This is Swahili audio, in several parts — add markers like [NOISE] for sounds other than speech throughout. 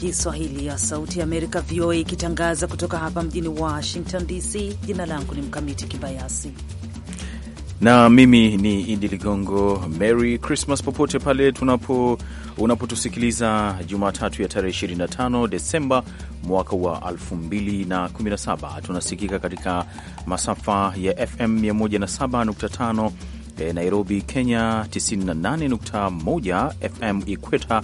Kiswahili ya Sauti ya Amerika, VOA, ikitangaza kutoka hapa mjini Washington DC. Jina langu ni Mkamiti Kibayasi na mimi ni Idi Ligongo. Merry Christmas popote pale tunapo unapotusikiliza Jumatatu ya tarehe 25 Desemba mwaka wa 2017. Tunasikika katika masafa ya FM 107.5 eh, Nairobi, Kenya, 98.1 FM Ikweta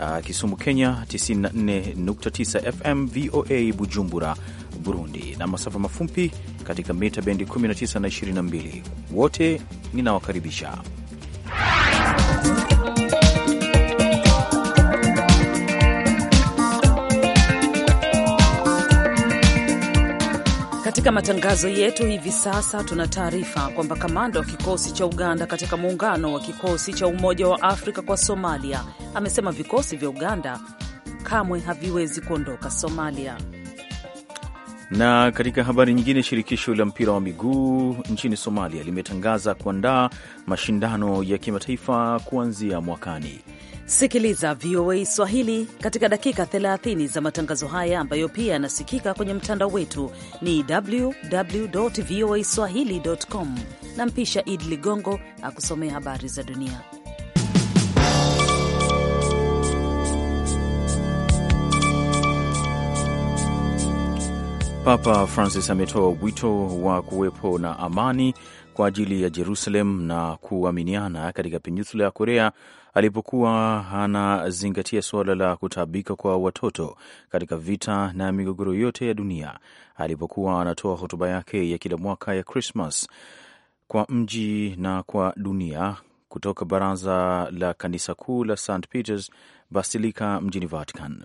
uh, Kisumu Kenya, 94.9 FM VOA Bujumbura Burundi, na masafa mafupi katika mita bendi 19 na 22. Wote ninawakaribisha Katika matangazo yetu hivi sasa, tuna taarifa kwamba kamanda wa kikosi cha Uganda katika muungano wa kikosi cha Umoja wa Afrika kwa Somalia amesema vikosi vya Uganda kamwe haviwezi kuondoka Somalia. Na katika habari nyingine, shirikisho la mpira wa miguu nchini Somalia limetangaza kuandaa mashindano ya kimataifa kuanzia mwakani. Sikiliza VOA Swahili katika dakika 30 za matangazo haya ambayo pia yanasikika kwenye mtandao wetu ni www voa swahili.com. Na mpisha id Ligongo akusomea habari za dunia. Papa Francis ametoa wito wa kuwepo na amani kwa ajili ya Jerusalem na kuaminiana katika peninsula ya Korea alipokuwa anazingatia suala la kutaabika kwa watoto katika vita na migogoro yote ya dunia, alipokuwa anatoa hotuba yake ya kila mwaka ya Krismas kwa mji na kwa dunia kutoka baraza la kanisa kuu la St Peters Basilica mjini Vatican.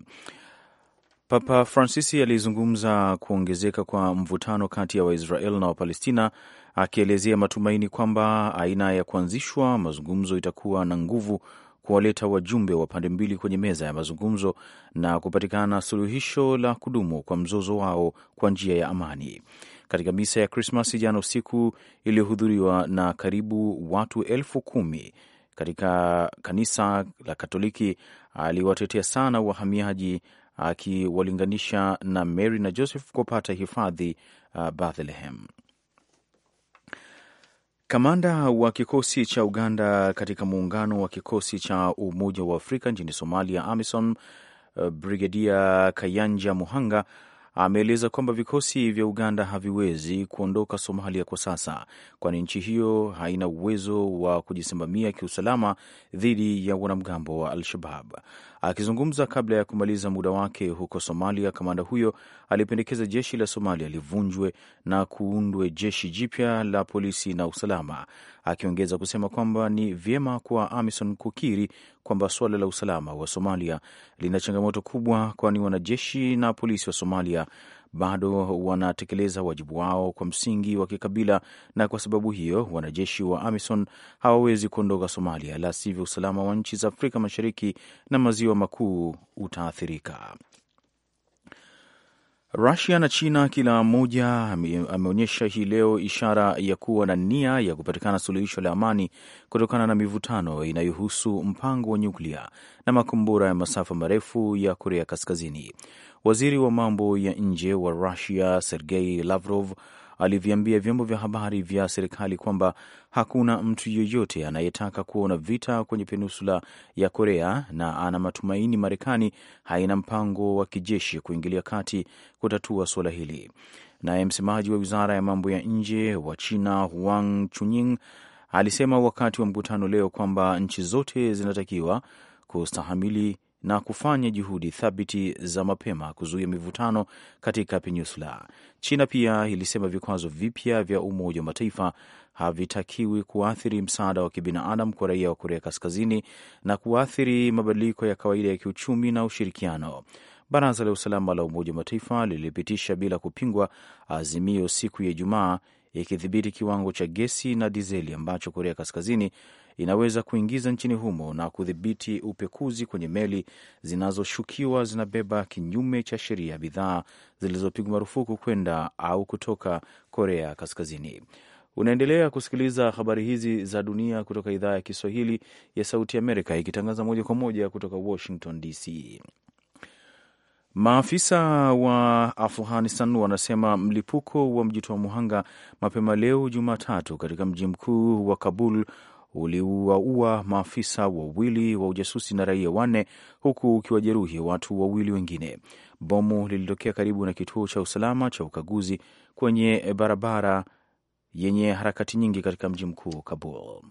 Papa Francisi alizungumza kuongezeka kwa mvutano kati ya Waisrael na Wapalestina akielezea matumaini kwamba aina ya kuanzishwa mazungumzo itakuwa na nguvu kuwaleta wajumbe wa pande mbili kwenye meza ya mazungumzo na kupatikana suluhisho la kudumu kwa mzozo wao kwa njia ya amani. Katika misa ya Krismasi jana usiku iliyohudhuriwa na karibu watu elfu kumi katika kanisa la Katoliki, aliwatetea sana wahamiaji akiwalinganisha na Mary na Joseph kupata hifadhi uh, Bethlehem. Kamanda wa kikosi cha Uganda katika muungano wa kikosi cha Umoja wa Afrika nchini Somalia, AMISOM, eh, Brigedia Kayanja Muhanga ameeleza kwamba vikosi vya Uganda haviwezi kuondoka Somalia kwa sasa, kwani nchi hiyo haina uwezo wa kujisimamia kiusalama dhidi ya wanamgambo wa Al-Shabab. Akizungumza kabla ya kumaliza muda wake huko Somalia, kamanda huyo alipendekeza jeshi la Somalia livunjwe na kuundwe jeshi jipya la polisi na usalama, akiongeza kusema kwamba ni vyema kwa AMISON kukiri kwamba suala la usalama wa Somalia lina changamoto kubwa, kwani wanajeshi na polisi wa Somalia bado wanatekeleza wajibu wao kwa msingi wa kikabila, na kwa sababu hiyo wanajeshi wa AMISON hawawezi kuondoka Somalia, la sivyo usalama wa nchi za Afrika Mashariki na Maziwa Makuu utaathirika. Rusia na China kila mmoja ameonyesha hii leo ishara ya kuwa na nia ya kupatikana suluhisho la amani kutokana na mivutano inayohusu mpango wa nyuklia na makombora ya masafa marefu ya Korea Kaskazini. Waziri wa mambo ya nje wa Rusia Sergei Lavrov aliviambia vyombo vya habari vya serikali kwamba hakuna mtu yeyote anayetaka kuona vita kwenye peninsula ya Korea na ana matumaini Marekani haina mpango wa kijeshi kuingilia kati kutatua suala hili. Naye msemaji wa wizara ya mambo ya nje wa China Huang Chunying alisema wakati wa mkutano leo kwamba nchi zote zinatakiwa kustahamili na kufanya juhudi thabiti za mapema kuzuia mivutano katika peninsula. China pia ilisema vikwazo vipya vya Umoja wa Mataifa havitakiwi kuathiri msaada wa kibinadamu kwa raia wa Korea Kaskazini na kuathiri mabadiliko ya kawaida ya kiuchumi na ushirikiano. Baraza la Usalama la Umoja wa Mataifa lilipitisha bila kupingwa azimio siku ya Ijumaa ikidhibiti kiwango cha gesi na dizeli ambacho Korea Kaskazini inaweza kuingiza nchini humo na kudhibiti upekuzi kwenye meli zinazoshukiwa zinabeba kinyume cha sheria bidhaa zilizopigwa marufuku kwenda au kutoka Korea Kaskazini. Unaendelea kusikiliza habari hizi za dunia kutoka idhaa ya Kiswahili ya Sauti Amerika, ikitangaza moja kwa moja kutoka Washington DC. Maafisa wa Afghanistan wanasema mlipuko wa mjitoa muhanga mapema leo Jumatatu katika mji mkuu wa Kabul uliwaua maafisa wawili wa ujasusi na raia wanne huku ukiwajeruhi watu wawili wengine. Bomu lilitokea karibu na kituo cha usalama cha ukaguzi kwenye barabara yenye harakati nyingi katika mji mkuu Kabul.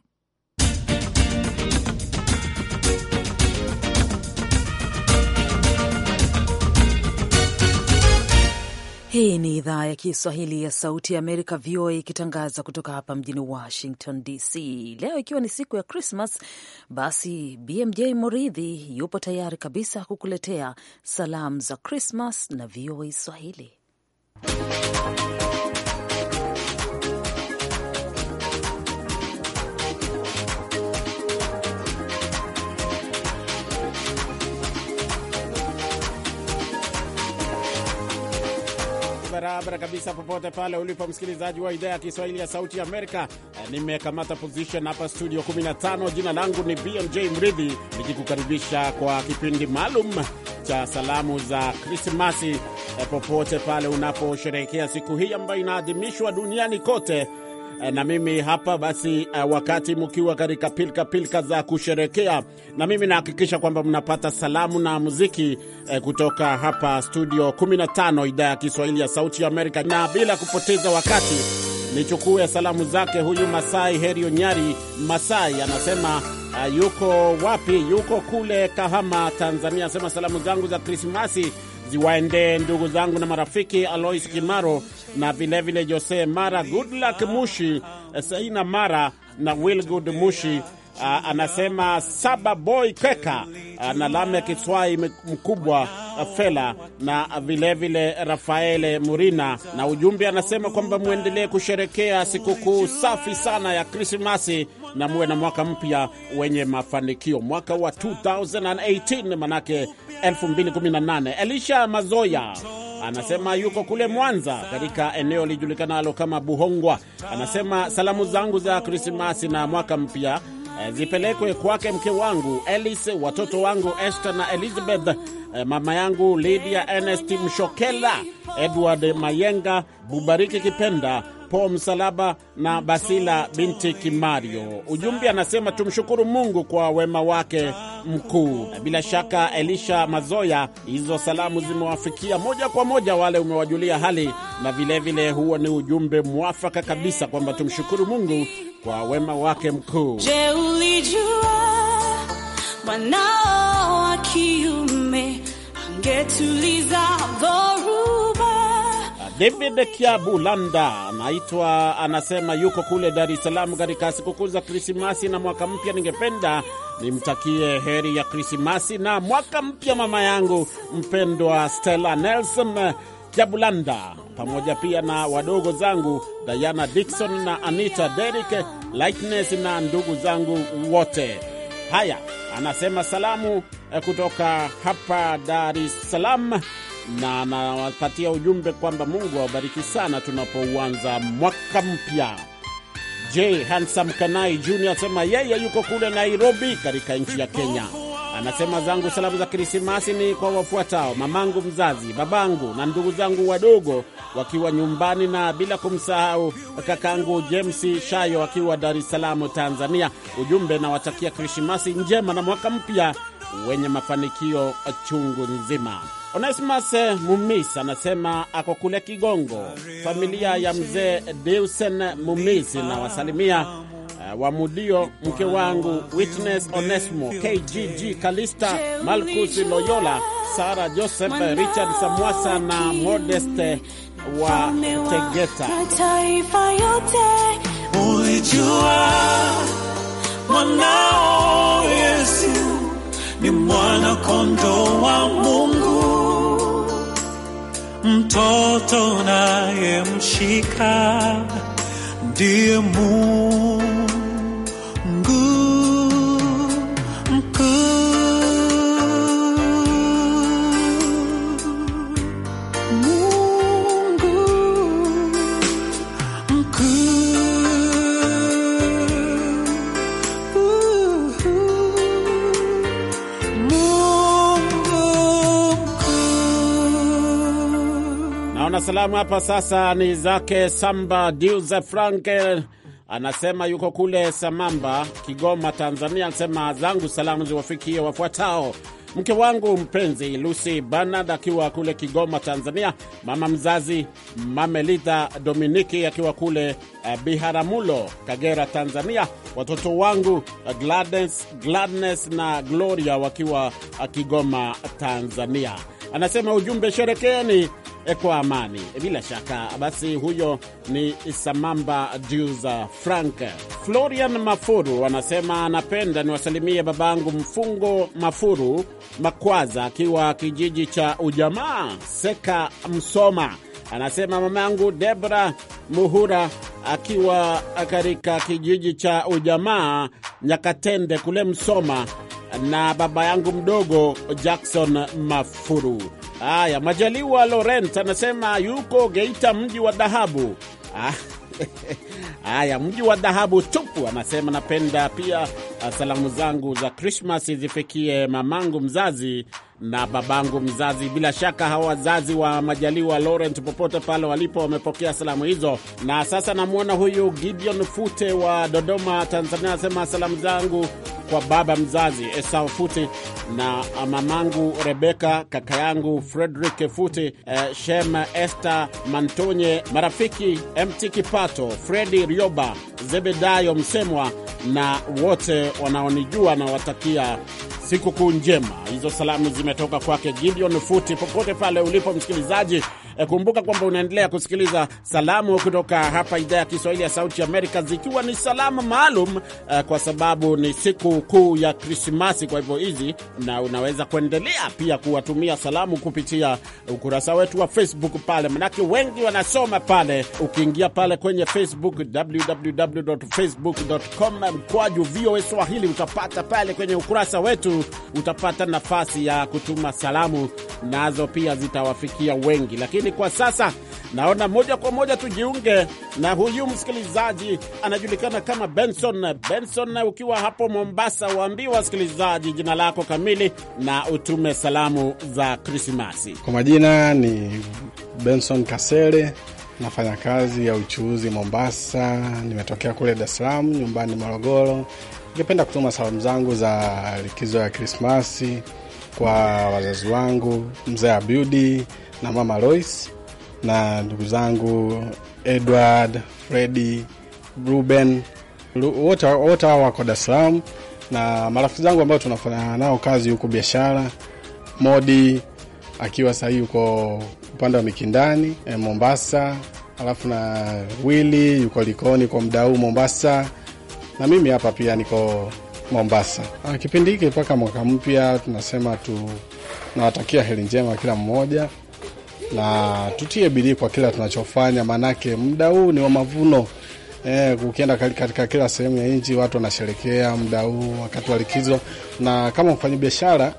Hii ni idhaa ya Kiswahili ya Sauti ya Amerika, VOA, ikitangaza kutoka hapa mjini Washington DC. Leo ikiwa ni siku ya Krismas, basi BMJ Moridhi yupo tayari kabisa kukuletea salamu za Krismas na VOA Swahili. barabara kabisa, popote pale ulipo msikilizaji wa idhaa ya Kiswahili ya Sauti ya Amerika. Eh, nimekamata position hapa studio 15. Jina langu ni BMJ Mridhi, nikikukaribisha kwa kipindi maalum cha salamu za Krismasi eh, popote pale unaposherehekea siku hii ambayo inaadhimishwa duniani kote Eh, na mimi hapa basi, eh, wakati mkiwa katika pilka pilka za kusherekea, na mimi nahakikisha kwamba mnapata salamu na muziki eh, kutoka hapa studio 15 idhaa ya Kiswahili ya Sauti ya Amerika. Na bila kupoteza wakati, nichukue salamu zake huyu Masai Herio Nyari. Masai anasema yuko wapi? Yuko kule Kahama, Tanzania. Anasema salamu zangu za Krismasi ziwaendee ndugu zangu na marafiki Alois Kimaro na vilevile Jose Mara, Goodluck Mushi, Saina Mara na Wilgood Mushi. Uh, anasema saba boy keka uh, na Lame Kiswai mkubwa uh, Fela na vilevile vile Rafaele Murina, na ujumbe anasema kwamba mwendelee kusherekea sikukuu safi sana ya Krismasi na muwe na mwaka mpya wenye mafanikio, mwaka wa 2018 manake 2018. Elisha Mazoya anasema yuko kule Mwanza katika eneo lijulikanalo kama Buhongwa. Anasema salamu zangu za Krismasi na mwaka mpya eh, zipelekwe kwake mke wangu Elise, watoto wangu Esther na Elizabeth, eh, mama yangu Lydia Ernest Mshokela, Edward Mayenga, Bubariki Kipenda Paul Msalaba na Basila binti Kimario. Ujumbe anasema tumshukuru Mungu kwa wema wake mkuu. Bila shaka Elisha Mazoya, hizo salamu zimewafikia moja kwa moja wale umewajulia hali, na vilevile huo ni ujumbe mwafaka kabisa kwamba tumshukuru Mungu kwa wema wake mkuu. Je, ulijua mwanao wa kiume angetuliza dhoruba David Kiabulanda naitwa, anasema yuko kule Dar es Salaam katika sikukuu za Krismasi na mwaka mpya. Ningependa nimtakie heri ya Krismasi na mwaka mpya mama yangu mpendwa Stella Nelson Kiabulanda, pamoja pia na wadogo zangu Diana Dikson na Anita derik Lightness na ndugu zangu wote. Haya, anasema salamu eh, kutoka hapa Dar es Salaam na anawapatia ujumbe kwamba Mungu awabariki sana tunapouanza mwaka mpya. J Hansam Kanai Jr asema yeye yuko kule Nairobi katika nchi ya Kenya. Anasema zangu salamu za Krismasi ni kwa wafuatao: mamangu mzazi, babangu na ndugu zangu wadogo wakiwa nyumbani, na bila kumsahau kakangu James Shayo akiwa Dar es Salaam, Tanzania. Ujumbe nawatakia Krismasi njema na mwaka mpya wenye mafanikio chungu nzima. Onesimus Mumis anasema ako kule Kigongo, familia ya mzee Deusen Mumis na wasalimia wa eh, Wamudio, mke wangu Witness Onesmo, KGG Kalista, Malkus Loyola, Sara Joseph, Richard Samwasa na Modeste wa Tegeta. Ulijua mwanao ni mwana kondoo wa Mungu, mtoto na ndiye Mungu. salamu hapa sasa ni zake Samba Diuze Franke, anasema yuko kule Samamba, Kigoma, Tanzania. Anasema zangu salamu ziwafikie wafuatao: mke wangu mpenzi Lucy Bernard akiwa kule Kigoma, Tanzania, mama mzazi Mamelitha Dominiki akiwa kule eh, Biharamulo, Kagera, Tanzania, watoto wangu eh, Gladness, Gladness na Gloria wakiwa eh, Kigoma, Tanzania anasema ujumbe, sherekeeni e, kwa amani. Bila shaka basi, huyo ni Samamba Juza Frank. Florian Mafuru anasema anapenda niwasalimie babangu Mfungo Mafuru Makwaza akiwa kijiji cha Ujamaa Seka Msoma Anasema mamangu Debra Muhura akiwa katika kijiji cha Ujamaa Nyakatende kule Msoma, na baba yangu mdogo Jackson Mafuru. Haya, Majaliwa Laurent anasema yuko Geita, mji wa dhahabu. Ah, [LAUGHS] haya, mji wa dhahabu tupu. Anasema napenda pia ah, salamu zangu za Krismas zifikie mamangu mzazi na babangu mzazi. Bila shaka hawa wazazi wa Majaliwa Laurent, popote pale walipo, wamepokea salamu hizo. Na sasa namwona huyu Gideon Fute wa Dodoma, Tanzania, anasema salamu zangu kwa baba mzazi Esau Fute na mamangu Rebeka, kaka yangu Frederick Fute, eh, Shem Esther Mantonye, marafiki MT Kipato, Fredi Rioba, Zebedayo Msemwa na wote wanaonijua na watakia sikukuu njema. Hizo salamu zimetoka kwake Gideon Futi. Popote pale ulipo msikilizaji, eh, kumbuka kwamba unaendelea kusikiliza salamu kutoka hapa idhaa ya Kiswahili ya Sauti Amerika, zikiwa ni salamu maalum eh, kwa sababu ni siku kuu ya Krismasi. Kwa hivyo hizi, na unaweza kuendelea pia kuwatumia salamu kupitia ukurasa wetu wa Facebook pale, manake wengi wanasoma pale. Ukiingia pale kwenye Facebook www.facebook.com mkwaju VOA Swahili utapata pale kwenye ukurasa wetu utapata nafasi ya kutuma salamu, nazo pia zitawafikia wengi. Lakini kwa sasa naona moja kwa moja tujiunge na huyu msikilizaji, anajulikana kama Benson. Benson, ukiwa hapo Mombasa, waambie wasikilizaji jina lako kamili na utume salamu za Krismasi. Kwa majina ni Benson Kasere, nafanya kazi ya uchuuzi Mombasa, nimetokea kule Dar es Salaam, nyumbani Morogoro, Ningependa kutuma salamu zangu za likizo ya Krismasi kwa wazazi wangu mzee Abudi na mama Lois na ndugu zangu Edward, Fredi, Ruben wote hao wako Dar es Salaam na marafiki zangu ambao tunafanya nao kazi huko biashara, Modi akiwa sahii yuko upande wa Mikindani eh, Mombasa, alafu na Willi yuko Likoni kwa muda huu Mombasa, na mimi hapa pia niko Mombasa. Ah, kipindi hiki mpaka mwaka mpya, tunasema tu nawatakia heri njema kila mmoja, na tutie bidii kwa kila tunachofanya, maanake muda huu ni wa mavuno. E, ukienda katika kila sehemu ya nchi watu wanasherekea muda huu wakati wa likizo, na kama biashara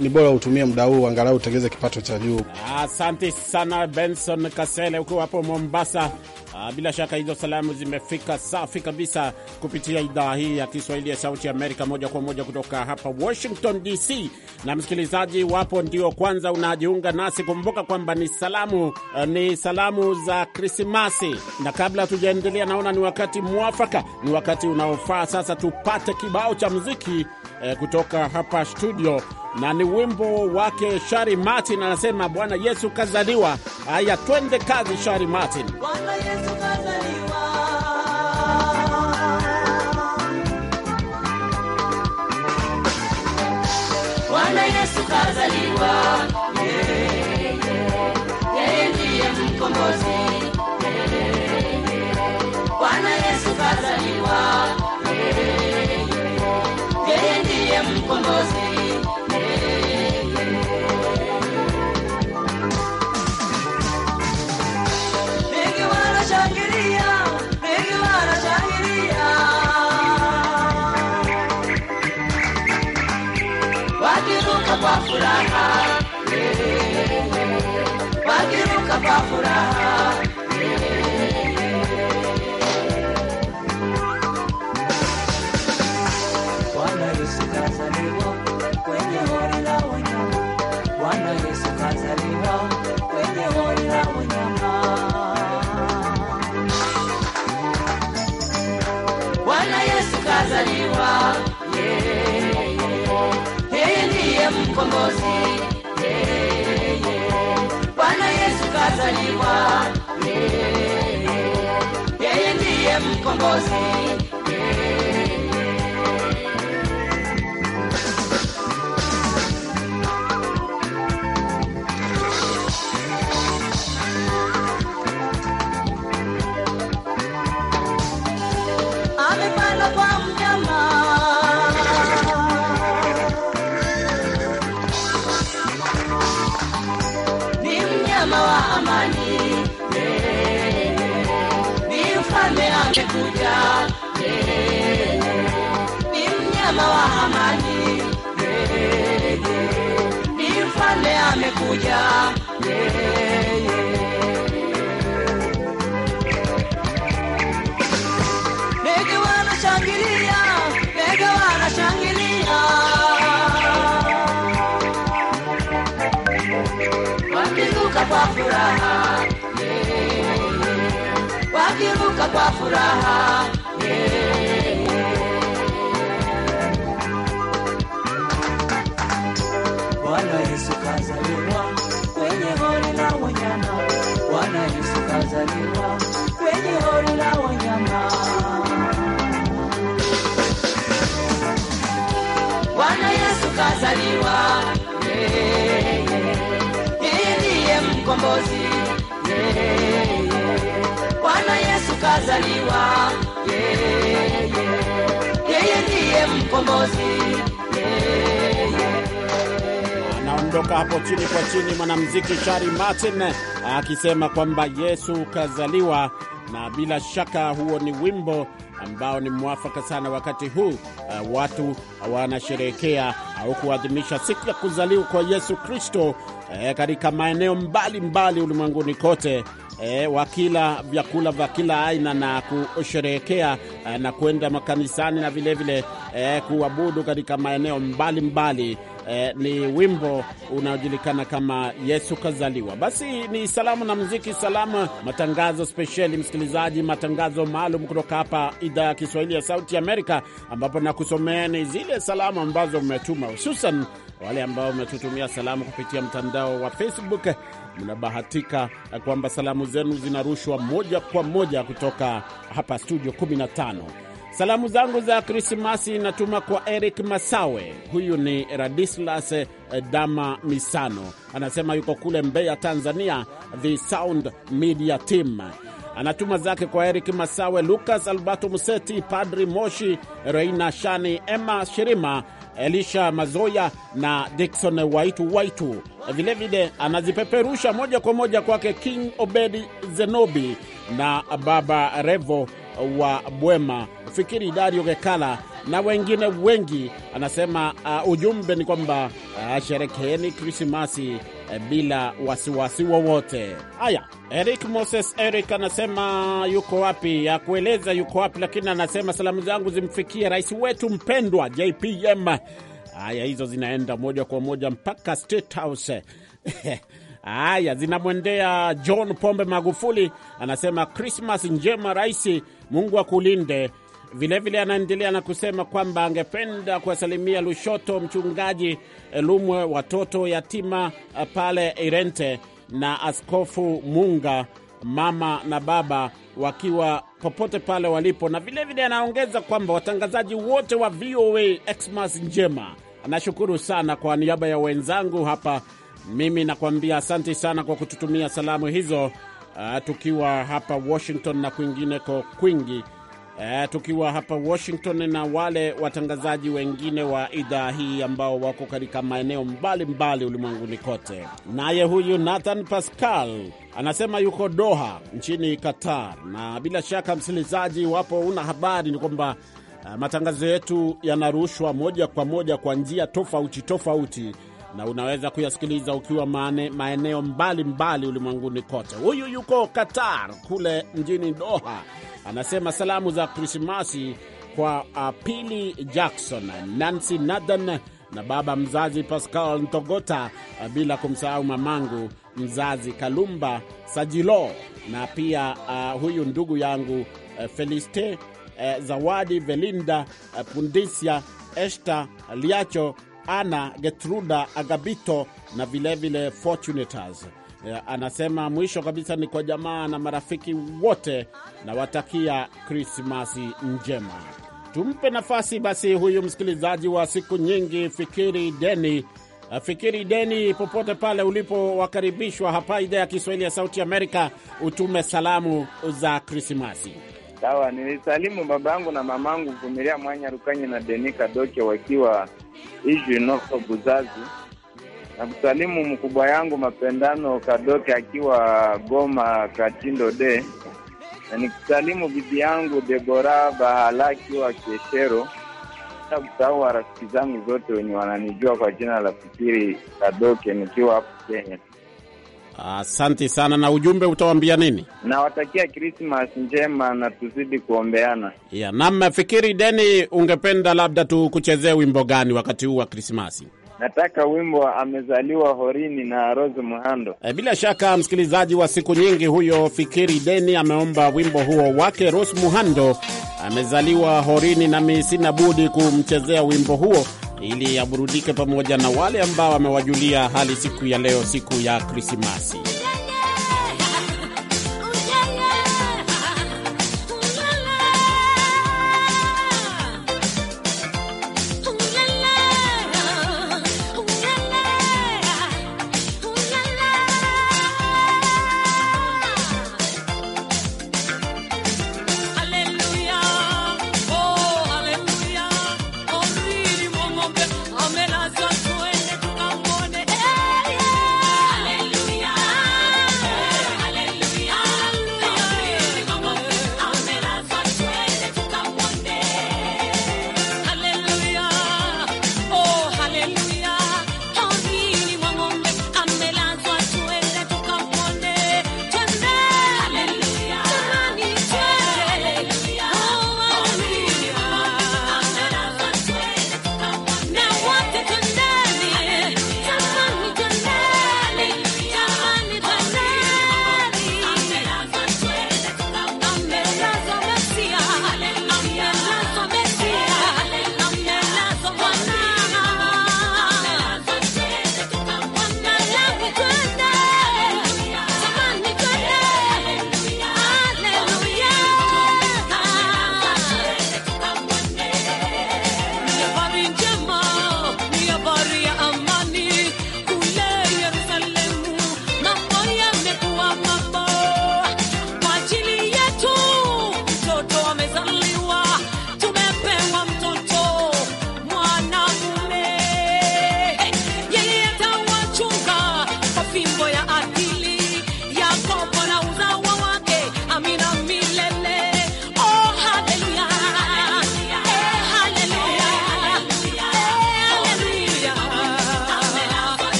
ni bora utumie muda huu angalau utengeze kipato cha juu. Asante sana Benson Kasele, ukiwa hapo Mombasa. Ah, bila shaka hizo salamu zimefika safi kabisa kupitia idhaa hii ya Kiswahili ya Sauti ya Amerika, moja kwa moja kutoka hapa Washington DC. Na msikilizaji wapo ndio kwanza unajiunga nasi, kumbuka kwamba ni salamu, eh, ni salamu za Krismasi, na kabla tujaendelea naona ni wakati mwafaka, ni wakati unaofaa sasa tupate kibao cha muziki eh, kutoka hapa studio, na ni wimbo wake Shari Martin, anasema Bwana Yesu kazaliwa. Haya, twende kazi, Shari Martin. Bwana Yesu kazaliwa. Bwana Yesu kazaliwa. Yeye yeah, yeah, yeah, ndiye mkombozi furaha yeah, yeah. Bwana kwenye hori la wanyama. Yesu kazaliwa kwenye yeah, yeah. mkombozi yeah kazaliwa yeye, yeye ndiye mkombozi Ondoka hapo chini kwa chini, mwanamuziki Shari Martin akisema kwamba Yesu kazaliwa, na bila shaka huo ni wimbo ambao ni mwafaka sana wakati huu. Uh, watu wanasherehekea au kuadhimisha siku ya kuzaliwa kwa Yesu Kristo eh, katika maeneo mbalimbali ulimwenguni kote e, wakila vyakula vya kila aina na kusherehekea e, na kwenda makanisani na vilevile vile, e, kuabudu katika maeneo mbalimbali mbali. E, ni wimbo unaojulikana kama Yesu Kazaliwa. Basi ni salamu na muziki, salamu, matangazo spesheli, msikilizaji, matangazo maalum kutoka hapa idhaa ya Kiswahili ya Sauti Amerika, ambapo ni zile salamu ambazo mmetuma hususan wale ambao mmetutumia salamu kupitia mtandao wa Facebook, mnabahatika kwamba salamu zenu zinarushwa moja kwa moja kutoka hapa studio 15. Salamu zangu za Krismasi natuma kwa Eric Masawe. Huyu ni Radislas eh, Dama Misano, anasema yuko kule Mbeya, Tanzania, The Sound Media Team anatuma zake kwa Eric Masawe, Lukas Alberto Museti, Padri Moshi, Reina Shani, Emma Shirima Elisha Mazoya na Dickson Waitu Waitu. Vilevile anazipeperusha moja kwa moja kwake King Obedi Zenobi na Baba Revo wa Bwema, Fikiri Dario Gekala na wengine wengi. Anasema uh, ujumbe ni kwamba uh, sherekeeni Krismasi Eh, bila wasiwasi wowote. Haya, Eric Moses Eric anasema yuko wapi, ya kueleza yuko wapi, lakini anasema salamu zangu zimfikie rais wetu mpendwa JPM. Haya, hizo zinaenda moja kwa moja mpaka State House. [LAUGHS] Haya, zinamwendea John Pombe Magufuli, anasema Krismas njema raisi, Mungu akulinde Vilevile anaendelea na kusema kwamba angependa kuwasalimia Lushoto, mchungaji eh, Lumwe, watoto yatima eh, pale Irente na Askofu Munga, mama na baba wakiwa popote pale walipo, na vilevile anaongeza kwamba watangazaji wote wa VOA Xmas njema. anashukuru sana kwa niaba ya wenzangu hapa, mimi nakuambia asante sana kwa kututumia salamu hizo, uh, tukiwa hapa Washington na kwingineko kwingi eh, tukiwa hapa Washington na wale watangazaji wengine wa idhaa hii ambao wako katika maeneo mbalimbali ulimwenguni kote. Naye huyu Nathan Pascal anasema yuko Doha nchini Qatar, na bila shaka msikilizaji, iwapo una habari ni kwamba e, matangazo yetu yanarushwa moja kwa moja kwa njia tofauti tofauti na unaweza kuyasikiliza ukiwa maane, maeneo mbalimbali ulimwenguni kote. Huyu yuko Qatar kule mjini Doha, anasema salamu za Krismasi kwa uh, Pili Jackson, Nancy Nathan na baba mzazi Pascal Ntogota, uh, bila kumsahau mamangu mzazi Kalumba Sajilo na pia uh, huyu ndugu yangu uh, Feliste uh, Zawadi Velinda uh, Pundisia Esta Liacho ana Getruda Agabito na vilevile Fortunatus. Eh, anasema mwisho kabisa ni kwa jamaa na marafiki wote, nawatakia Krismasi njema. Tumpe nafasi basi huyu msikilizaji wa siku nyingi, Fikiri Deni. Eh, Fikiri Deni, popote pale ulipowakaribishwa hapa idhaa ya Kiswahili ya Sauti Amerika, utume salamu za Krismasi. Sawa, nilisalimu babangu na mamangu Vumilia Mwanya Rukanyi na Denika Doke wakiwa Ijwi Noko Buzazi. kusalimu mkubwa yangu Mapendano Kadoke akiwa Goma Katindo de, na nikusalimu bibi yangu Debora Bahala akiwa Keshero, na kusahau rafiki zangu zote wenye wananijua kwa jina la Fikiri Kadoke nikiwa hapo Kenya. Asante uh, sana. Na ujumbe utawaambia nini? Nawatakia Krismas njema na tuzidi kuombeana. Yeah, na mnafikiri Deni, ungependa labda tukuchezee wimbo gani wakati huu wa Krismasi? Nataka wimbo amezaliwa horini na Rose Muhando. E, bila shaka msikilizaji wa siku nyingi huyo Fikiri Deni ameomba wimbo huo wake Rose Muhando amezaliwa horini, nami sina budi kumchezea wimbo huo ili aburudike pamoja na wale ambao wamewajulia hali siku ya leo, siku ya Krismasi.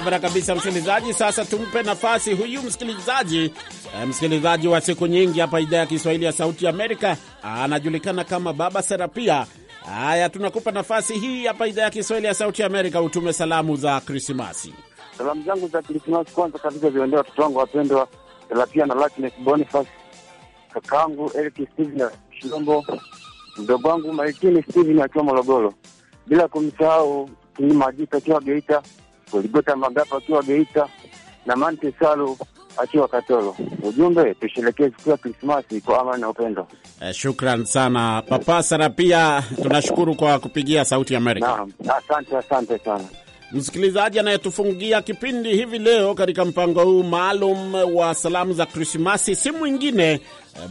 barabara kabisa, msikilizaji. Sasa tumpe nafasi huyu msikilizaji, eh, msikilizaji wa siku nyingi hapa idhaa ya Kiswahili ya Sauti Amerika, anajulikana kama Baba Serapia. Haya, tunakupa nafasi hii hapa idhaa ya Kiswahili ya Sauti Amerika, utume salamu za Krismasi. Salamu zangu za Krismasi kwanza kabisa ziwaendea watoto wangu wapendwa Serapia na Lakmes Boniface, kakaangu Eric Steven Shilombo, mdogo wangu Malikini Steven akiwa Morogoro, bila kumsahau Kinimajika akiwa Geita Goligota Magapo akiwa Geita na Mante Salo akiwa Katolo. Ujumbe, tusherekee siku ya Krismasi kwa amani na upendo. Eh, shukran sana Papa Sara, pia tunashukuru kwa kupigia Sauti Amerika. Naam, asante, asante sana msikilizaji anayetufungia kipindi hivi leo katika mpango huu maalum wa salamu za Krismasi si mwingine eh,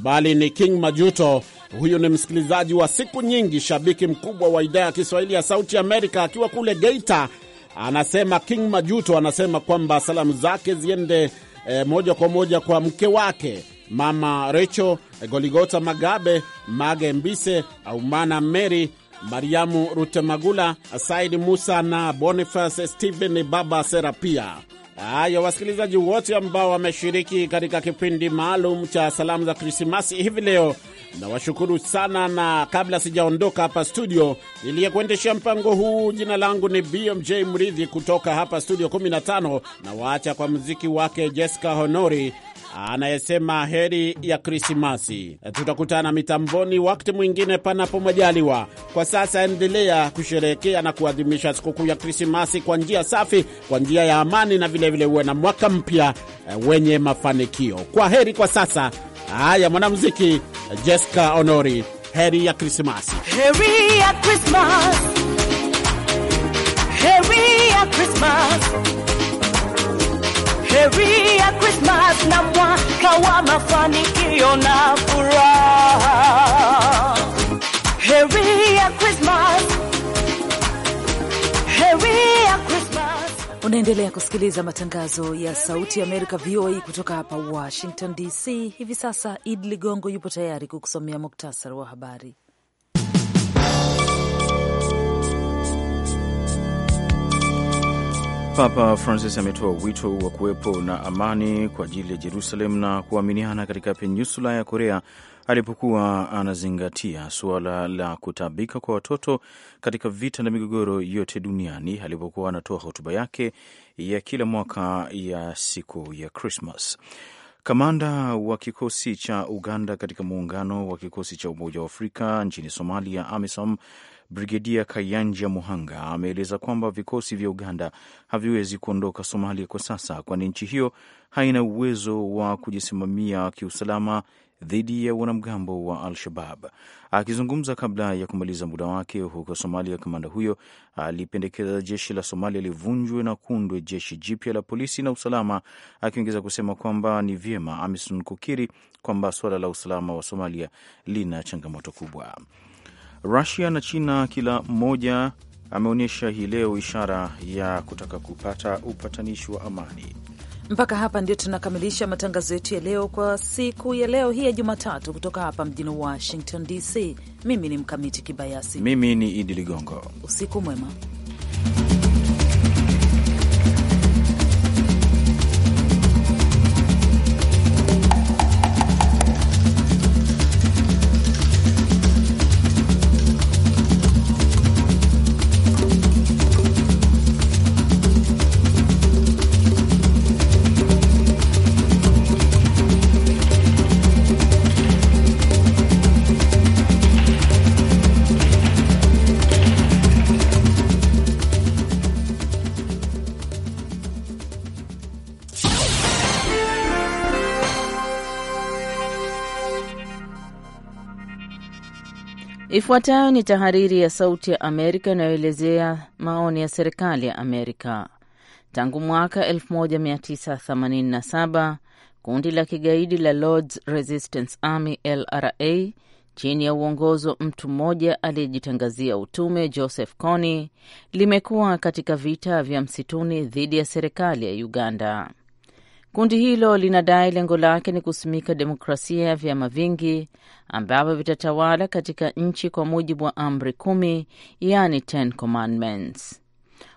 bali ni King Majuto. Huyu ni msikilizaji wa siku nyingi, shabiki mkubwa wa idhaa ya Kiswahili ya Sauti Amerika, akiwa kule Geita Anasema King Majuto anasema kwamba salamu zake ziende e, moja kwa moja kwa mke wake Mama recho Goligota Magabe Mage Mbise Aumana Mary Mariamu Rutemagula said Musa na Boniface Stephen Baba Serapia haya wasikilizaji wote ambao wameshiriki katika kipindi maalum cha salamu za Krismasi hivi leo, nawashukuru sana. Na kabla sijaondoka hapa studio, niliyekuendeshea mpango huu, jina langu ni BMJ Mridhi kutoka hapa studio 15, na waacha kwa muziki wake Jessica Honori anayesema heri ya Krismasi. Tutakutana mitamboni wakati mwingine, panapo majaliwa. Kwa sasa, endelea kusherehekea na kuadhimisha sikukuu ya Krismasi kwa njia safi, kwa njia ya amani, na vilevile uwe na mwaka mpya eh, wenye mafanikio. Kwa heri kwa sasa. Haya, mwanamuziki eh, Jessica Honori, heri ya Krismasi. Heri ya Krismasi. Heri ya Krismasi heri ya Christmas na mwaka wa mafanikio na furaha. Heri ya Christmas, heri Christmas. Unaendelea kusikiliza matangazo ya Sauti ya Amerika, VOA, kutoka hapa Washington DC. Hivi sasa Idi Ligongo yupo tayari kukusomea muktasari wa habari. Papa Francis ametoa wito wa kuwepo na amani kwa ajili ya Jerusalem na kuaminiana katika peninsula ya Korea alipokuwa anazingatia suala la kutabika kwa watoto katika vita na migogoro yote duniani alipokuwa anatoa hotuba yake ya kila mwaka ya siku ya Krismas. Kamanda wa kikosi cha Uganda katika muungano wa kikosi cha Umoja wa Afrika nchini Somalia, AMISOM, Brigedia Kayanja Muhanga ameeleza kwamba vikosi vya Uganda haviwezi kuondoka Somalia kwa sasa, kwani nchi hiyo haina uwezo wa kujisimamia kiusalama dhidi ya wanamgambo wa Al-Shabab. Akizungumza kabla ya kumaliza muda wake huko Somalia, kamanda huyo alipendekeza jeshi la Somalia livunjwe na kuundwe jeshi jipya la polisi na usalama, akiongeza kusema kwamba ni vyema AMISON kukiri kwamba suala la usalama wa Somalia lina changamoto kubwa. Rusia na China kila mmoja ameonyesha hii leo ishara ya kutaka kupata upatanishi wa amani. Mpaka hapa ndio tunakamilisha matangazo yetu ya leo kwa siku ya leo hii ya Jumatatu, kutoka hapa mjini Washington DC. Mimi ni Mkamiti Kibayasi, mimi ni Idi Ligongo. Usiku mwema. Ifuatayo ni tahariri ya Sauti ya Amerika inayoelezea maoni ya serikali ya Amerika. Tangu mwaka 1987 kundi la kigaidi la Lords Resistance Army LRA chini ya uongozi wa mtu mmoja aliyejitangazia utume Joseph Kony limekuwa katika vita vya msituni dhidi ya serikali ya Uganda. Kundi hilo linadai lengo lake ni kusimika demokrasia ya vyama vingi ambavyo vitatawala katika nchi kwa mujibu wa amri kumi, yani Ten Commandments.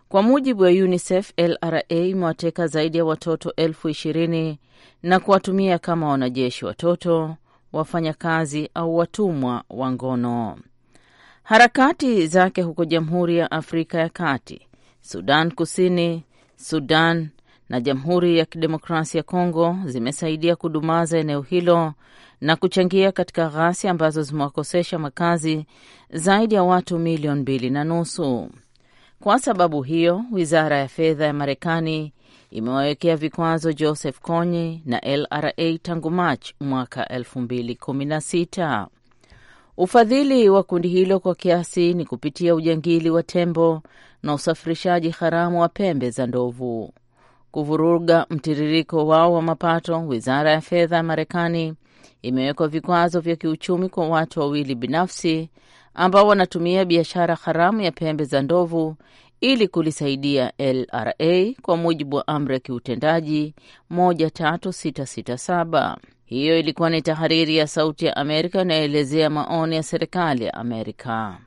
Kwa mujibu wa UNICEF, LRA imewateka zaidi ya watoto elfu ishirini na kuwatumia kama wanajeshi watoto, wafanyakazi au watumwa wa ngono. Harakati zake huko Jamhuri ya Afrika ya Kati, Sudan Kusini, Sudan, na Jamhuri ya Kidemokrasia ya Kongo zimesaidia kudumaza eneo hilo na kuchangia katika ghasia ambazo zimewakosesha makazi zaidi ya watu milioni mbili na nusu. Kwa sababu hiyo, wizara ya fedha ya Marekani imewawekea vikwazo Joseph Kony na LRA tangu Machi mwaka 2016. Ufadhili wa kundi hilo kwa kiasi ni kupitia ujangili wa tembo na usafirishaji haramu wa pembe za ndovu kuvuruga mtiririko wao wa mapato, wizara ya fedha ya Marekani imewekwa vikwazo vya kiuchumi kwa watu wawili binafsi ambao wanatumia biashara haramu ya pembe za ndovu ili kulisaidia LRA kwa mujibu wa amri ya kiutendaji 13667. Hiyo ilikuwa ni tahariri ya Sauti ya Amerika inayoelezea maoni ya serikali ya Amerika.